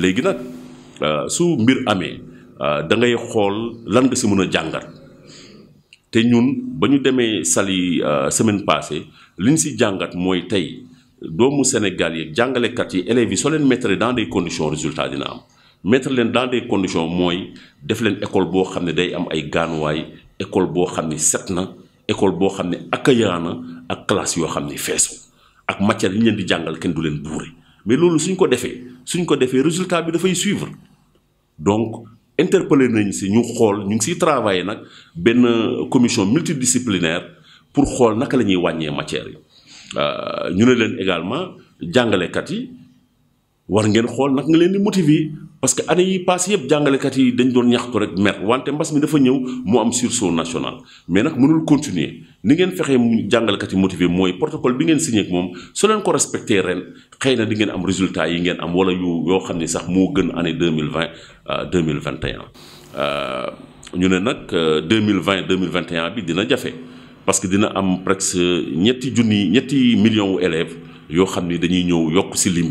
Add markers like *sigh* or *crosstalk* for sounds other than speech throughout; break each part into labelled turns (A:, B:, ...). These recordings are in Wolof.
A: léegi nag euh, su mbir amee euh, da ngay xool lan ba si mën a jàngat te ñun ba ñu demee Saly euh, semaine passée li ñu si jàngat mooy tey doomu Sénégal yi jàngalekat yi élèves yi soo leen mettre dans des conditions résultat dina am mettre leen dans des conditions mooy def leen école boo xam ne day am ay gaanuwaay école boo xam ne set na école boo xam ne accueillant na ak classe yoo xam ne feesu ak matière yi ñu di jàngal kenn du leen buure mais loolu suñ ko defee suñ ko defee résultat bi dafay suivre donc interpellé nañ si ñu xool ñu ngi siy travailler nag benn commission multidisciplinaire pour xool naka la ñuy wàññee matière yi euh, ñu ne leen également jàngalekat yi war ngeen xool nak nga leen di motiver parce que année yi passé yëpp jàngalekat yi dañ ñax ñaxtu rek mer wante mbas mi dafa ñëw mu am sursaut national mais nag mënul continuer ni ngeen fexee mu jàngalekat yi motivé mooy protocole bi ngeen signé ak moom su leen ko respecté ren xëy na di ngeen am résultat yi ngeen am wala yu yoo xam ne sax moo gën année deux mille vingt euh, deux mille vingt et un euh, ñu ne nag euh, deux mille vingt deux mille vingt bi dina jafe parce que dina am presque ñetti junni ñetti millions wu élèves yoo xam ni dañuy ñëw yokk si lim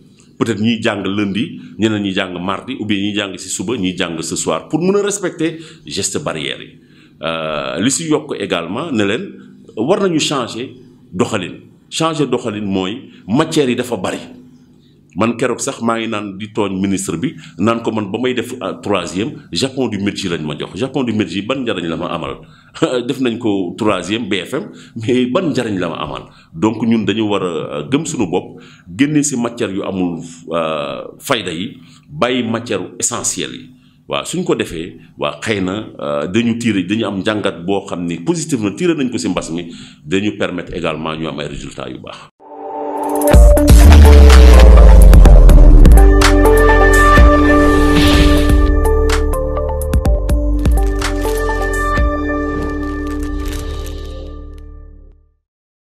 A: peut-être ñuy jàng lundi ñeneen ñuy jàng mardi ou bien ñuy jàng ci suba ñuy jàng ce soir pour mën a respecter geste barrière yi euh, li si yokk également ne leen war nañu changer doxalin changer doxalin mooy matière yi dafa bari man keroog sax maa ngi naan di tooñ ministre bi naan ko man ba may def ah, troisième japon du Meiji lañ ma jox japon du Meiji ban njariñ la ma amal *laughs* def nañ ko troisième BFM mais ban njariñ la ma amal donc ñun dañu war a gëm suñu bopp génne si matière yu amul ah, fayda yi bàyyi matière essentielle yi waaw suñ ko defee waa xëy na ah, dañu tiire dañu am njàngat boo xam ni positif na tiire nañ ko si mbas mi dañu permettre également ñu am ay yu baax